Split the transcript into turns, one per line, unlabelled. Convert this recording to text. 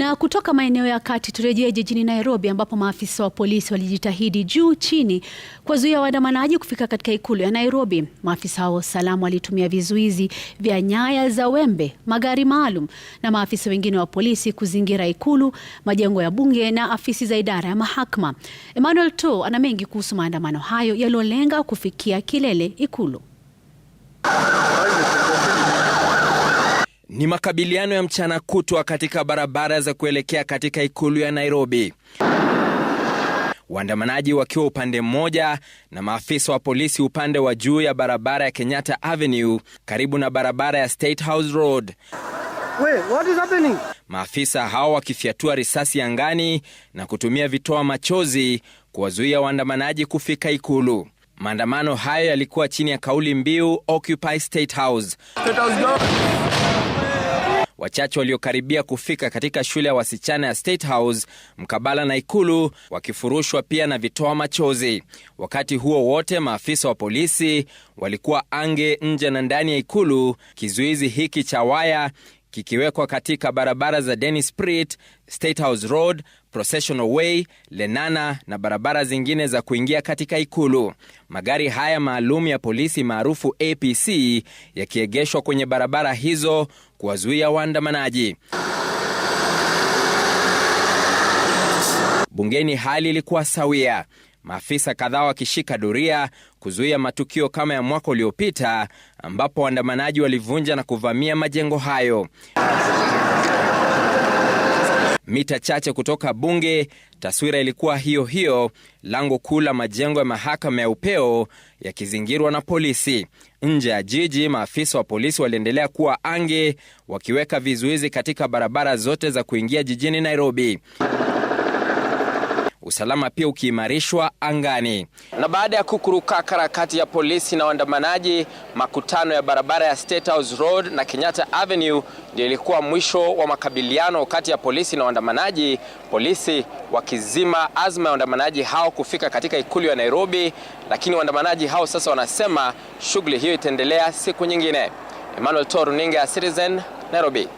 Na kutoka maeneo ya kati turejee jijini Nairobi ambapo maafisa wa polisi walijitahidi juu chini kuwazuia waandamanaji kufika katika ikulu ya Nairobi. Maafisa wa usalama walitumia vizuizi vya nyaya za wembe, magari maalum na maafisa wengine wa polisi kuzingira ikulu, majengo ya bunge na afisi za idara ya mahakama. Emmanuel To ana mengi kuhusu maandamano hayo yaliyolenga kufikia kilele ikulu.
Ni makabiliano ya mchana kutwa katika barabara za kuelekea katika ikulu ya Nairobi, waandamanaji wakiwa upande mmoja na maafisa wa polisi upande wa juu ya barabara ya Kenyatta Avenue karibu na barabara ya State House Road.
Wait, what is happening?
Maafisa hao wakifyatua risasi angani na kutumia vitoa machozi kuwazuia waandamanaji kufika ikulu. Maandamano hayo yalikuwa chini ya kauli mbiu Occupy State House. State House wachache waliokaribia kufika katika shule ya wasichana ya State House mkabala na Ikulu, wakifurushwa pia na vitoa machozi. Wakati huo wote, maafisa wa polisi walikuwa ange nje na ndani ya Ikulu, kizuizi hiki cha waya kikiwekwa katika barabara za Dennis Prit, State House Road, Processional Way, Lenana na barabara zingine za kuingia katika ikulu. Magari haya maalum ya polisi maarufu APC yakiegeshwa kwenye barabara hizo kuwazuia waandamanaji. Bungeni hali ilikuwa sawia maafisa kadhaa wakishika doria kuzuia matukio kama ya mwaka uliopita ambapo waandamanaji walivunja na kuvamia majengo hayo. Mita chache kutoka bunge, taswira ilikuwa hiyo hiyo, lango kuu la majengo ya mahakama ya upeo yakizingirwa na polisi. Nje ya jiji, maafisa wa polisi waliendelea kuwa ange, wakiweka vizuizi katika barabara zote za kuingia jijini Nairobi usalama pia ukiimarishwa angani. Na baada ya kukuruka karakati ya polisi na waandamanaji, makutano ya barabara ya State House Road na Kenyatta Avenue ndio ilikuwa mwisho wa makabiliano kati ya polisi na waandamanaji, polisi wakizima azma ya waandamanaji hao kufika katika ikulu ya Nairobi, lakini waandamanaji hao sasa wanasema shughuli hiyo itaendelea siku nyingine. Emmanuel Toruninga, Citizen, Nairobi.